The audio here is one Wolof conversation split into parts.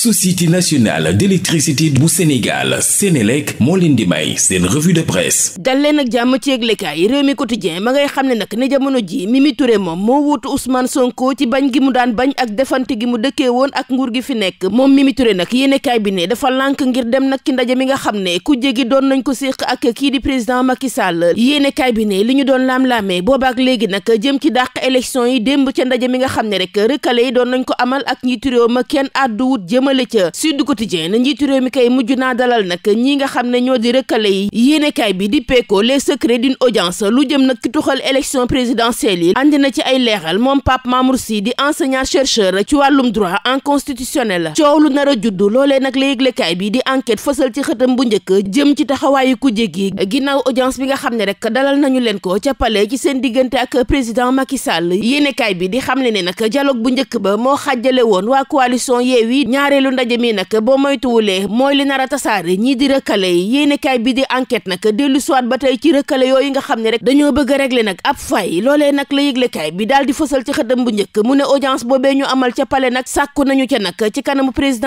société nationale d'électricité bu Sénégal Sénélec moo leen di may seen revue de presse dal leen ak jàmm ci yëglekaay réew mi quotidien ma ngay xam ne nag ne jamono ji Mimi Touré moom moo wuutu Ousmane Sonko ci bañ gi mu daan bañ ak defante gi mu dëkkee woon ak nguur gi fi nekk moom Mimi Touré nag yéenekaay bi ne dafa lànk ngir dem nag ci ndaje mi nga xam ne ku jégi doon nañ ko séq ak kii di président Macky Sall yéenekaay bi ne li ñu doon laam-laamee boobaak léegi nag jëm ci dàq élection yi démb ca ndaje mi nga xam ne rek rëkkale yi jëmale ca Sud Quotidien njiitu réew mi kay mujj naa dalal nag ñi nga xam ne ñoo di rëkkale yi yéenekaay bi di peeko les secrets d'une audience lu jëm nag ci tuxal élection présidentielle yi andi na ci ay leeral moom Pape Mamour Sy di enseignant chercheur ci wàllum droit en constitutionnel coow lu nar a juddu loolee nag la yëglekaay bi di enquête fësal ci xëtam bu njëkk jëm ci taxawaayu kujje gi ginnaaw audience bi nga xam ne rek dalal nañu leen ko ca palais ci seen diggante ak président Macky Sall yéenekaay bi di xamle ne nag dialogue bu njëkk ba moo ñetteelu ndaje mi nag boo moytuwulee mooy li nar tasaare ñii di rëkkale yi yéenekaay bi di enquête nag dellu siwaat ba tey ci rëkkale yooyu nga xam ne rek dañoo bëgg a régler nag ab fay loolee nag la yëglekaay bi daal di fësal ci xëtam bu njëkk mu ne audience ñu amal ca palais nag sàkku nañu ca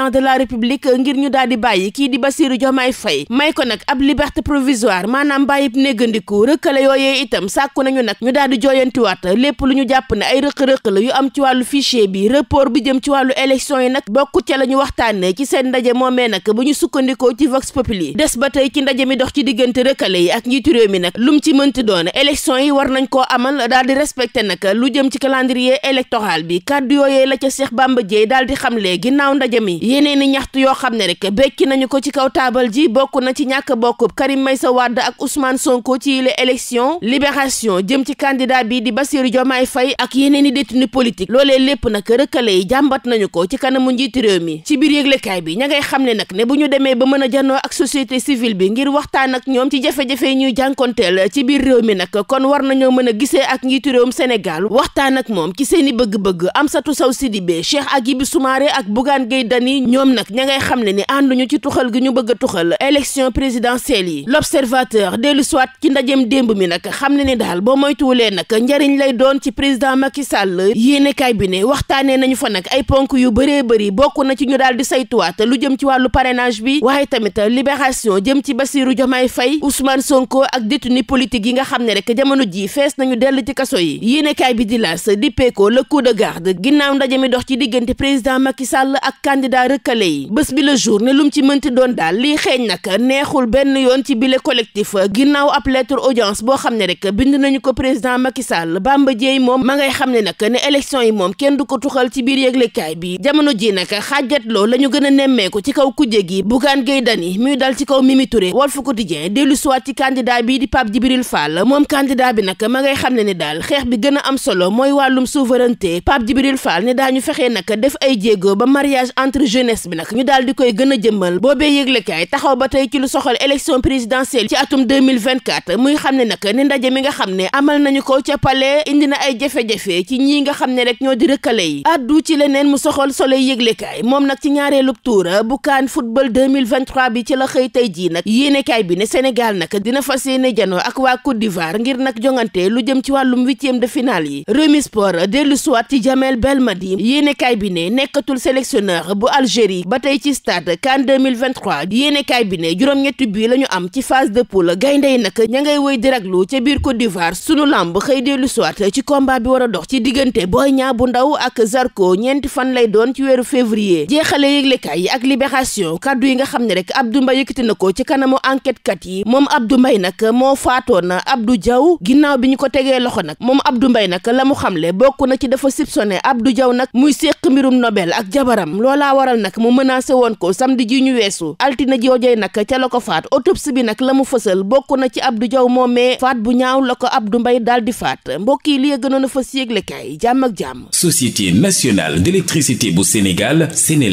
de la république ngir ñu daal di bàyyi kii di Bassirou Diomaye Faye may ko nag ab liberté provisoire maanaam bàyyib néggandiku rëkkale yooyee itam sàkku nañu nag ñu daal di jooyantiwaat lépp lu ñu jàpp ne ay rëq-rëq la yu am ci wàllu fichier bi rapport bi jëm ci wàllu élection yi nag bokku ca lañu waxtaanee ci seet ndaje moomee nag bu ñu sukkandikoo ci Vox yi des ba tey ci ndaje mi dox ci diggante rëkkale yi ak njiitu réew mi nag lum ci mënti doon élection yi war nañ koo amal daal di respecté nag lu jëm ci calendrier électoral bi kàddu yooyee la ca Cheikh Bamba Dièye daal di xamle ginnaaw ndaje mi yeneen i ñaxtu yoo xam ne rek bekki nañu ko ci kaw taabal ji bokk na ci ñàkk bokkub Karim Meïssa Wade ak Ousmane Sonko ci les élections libération jëm ci candidat bi di Bassirou Diomaye Faye ak yeneen i détenu politique loolee lépp nag rëkkale yi jàmbat nañu ko ci kanamu njiitu réew mi ci biir yëglekaay bi ña xam ne nag ne bu ñu demee ba mën a janoo ak société civile bi ngir waxtaan ak ñoom ci jafe-jafe yi ñuy jànkonteel ci biir réew mi nag kon war nañoo mën a gisee ak njiitu réewum Sénégal waxtaan ak moom ci seeni bëgg bëgg-bëgg Amsatou Sow Sidibé Cheikh Agibou Soumaré ak Bougane Gueye Dany ñoom nag ña ngay xam ne ni ànduñu ci tuxal gi ñu bëgg a tuxal élection présidentielle yi l'observateur dellu soit ci ndajeem démb mi nag xam ne ni daal boo moytuwulee nag njariñ lay doon ci président Macky Sall yéenekaay bi ne waxtaanee nañu fa nag ay ponk yu bëree daal di saytuwaat lu jëm ci wàllu parrainage bi waaye tamit libération jëm ci Bassirou Diomaye Faye Ousmane Sonko ak détenu politique yi nga xam ne rek jamono jii fees nañu dell ci kaso yi yéenekaay bi di las di peeko le coup de garde ginnaaw ndaje mi dox ci diggante président Macky Sall ak candidat rëkkale yi bés bi le jour ne lum ci mënti doon daal lii xeeñ nag neexul benn yoon ci bile collectif ginnaaw ab lettre audience boo xam ne rek bind nañu ko président Macky Sall Bamba Dièye moom ma ngay xam ne nag ne élection yi moom kenn du ko tuxal ci biir yëglekaay bi jamono ji nag seetloo la ñu gën a nemmeeku ci kaw kujje gi Bougane Gueye Dany muy dal ci kaw Mimi Touré Walf Quotidien dellu siwaat ci candidat bii di Pape Djibril Fall moom candidat bi nag ma ngay xam ne ni daal xeex bi gën a am solo mooy wàllum souveraineté Pape Djibril Fall ne daañu fexe nag def ay jéego ba mariage entre jeunesse bi nag ñu daal di koy gën a jëmmal boobee yëglekaay taxaw ba tey ci lu soxal élection présidentielle ci atum 2024 muy xam ne nag ne ndaje mi nga xam ne amal nañu ko ca palais na ay jafe-jafe ñii nga xam ne rek ñoo di rëkkale yi addu ci leneen mu soxal Soleil yëglekaay moom nag ci ñaareelub tour bu kaan football 2023 bi ci la xëy tey jii nag yéenekaay bi ne Sénégal nag dina fas yéene janoo ak waa Côte d'Ivoire ngir nag jongante lu jëm ci wàllum huitième de finale yi Rewmi Sport dellu siwaat ci Jamel Belmadi yéenekaay bi ne nekkatul sélectionneur bu Algérie ba tey ci stade CAN 2023 yéenekaay bi ne juróom-ñetti bii la ñu am ci phase de poule gaynde yi nag ña ngay woy di raglu ca biir Côte d'Ivoire sunu lamb xëy dellu siwaat ci combat bi war a dox ci diggante Boy Niang bu ndaw ak Zarko ñeenti fan lay doon ci weeru février jeexale yëglekaay yi ak libération kàddu yi nga xam ne rek Abdou Mbaye na ko ci kanamu enquête kat yi moom Abdou Mbaye nag moo faatoon Abdou Diaw ginnaaw bi ñu ko tegee loxo nag moom Abdou Mbaye nag la mu xamle bokk na ci dafa soupçonné Abdou Diaw nag muy séq mbirum Nobel ak jabaram loolaa waral nag mu menacé woon ko samedi ji ñu weesu altine ji joojee nag ca la ko faat autopsie bi nag la mu fësal bokk na ci ab Abdou Diaw moomee faat bu ñaaw la ko Abdou Mbaye daal di faat mbokk yi li gënoon a fas yëglekaay jàmm ak jàmm. Société nationale d'électricité bu Sénégal Sénégal.